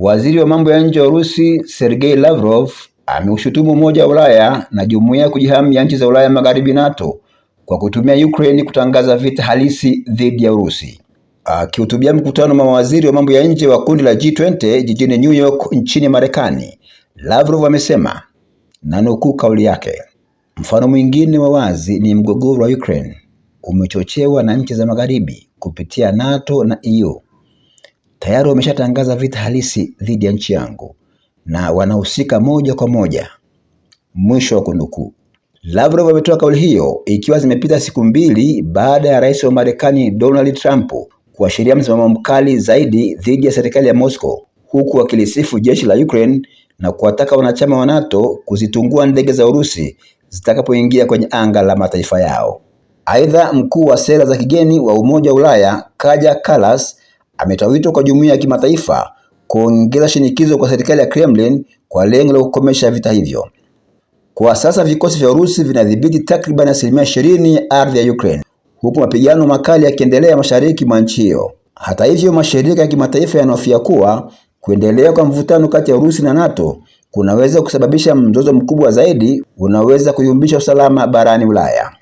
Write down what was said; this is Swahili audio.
Waziri wa mambo ya nje wa Urusi Sergei Lavrov ameushutumu Umoja wa Ulaya na Jumuiya ya kujihami ya nchi za Ulaya Magharibi NATO kwa kutumia Ukraine kutangaza vita halisi dhidi ya Urusi. Akihutubia mkutano wa mawaziri wa mambo ya nje wa kundi la G20 jijini New York nchini Marekani, Lavrov amesema na nukuu kauli yake, mfano mwingine wa wazi ni mgogoro wa Ukraine umechochewa na nchi za Magharibi kupitia NATO na EU tayari wameshatangaza vita halisi dhidi ya nchi yangu na wanahusika moja kwa moja. Mwisho wa kunukuu. Lavrov ametoa kauli hiyo ikiwa zimepita siku mbili baada ya rais wa Marekani Donald Trump kuashiria msimamo mkali zaidi dhidi ya serikali ya Moscow, huku akilisifu jeshi la Ukraine na kuwataka wanachama wa NATO kuzitungua ndege za Urusi zitakapoingia kwenye anga la mataifa yao. Aidha, mkuu wa sera za kigeni wa Umoja wa Ulaya Kaja Kallas ametoa wito kwa jumuiya ya kimataifa kuongeza shinikizo kwa serikali ya Kremlin kwa lengo la kukomesha vita hivyo. Kwa sasa vikosi vya Urusi vinadhibiti takriban asilimia ishirini ya ardhi ya Ukraine, huku mapigano makali yakiendelea mashariki mwa nchi hiyo. Hata hivyo, mashirika ya kimataifa yanahofia kuwa kuendelea kwa mvutano kati ya Urusi na NATO kunaweza kusababisha mzozo mkubwa zaidi, unaweza kuyumbisha usalama barani Ulaya.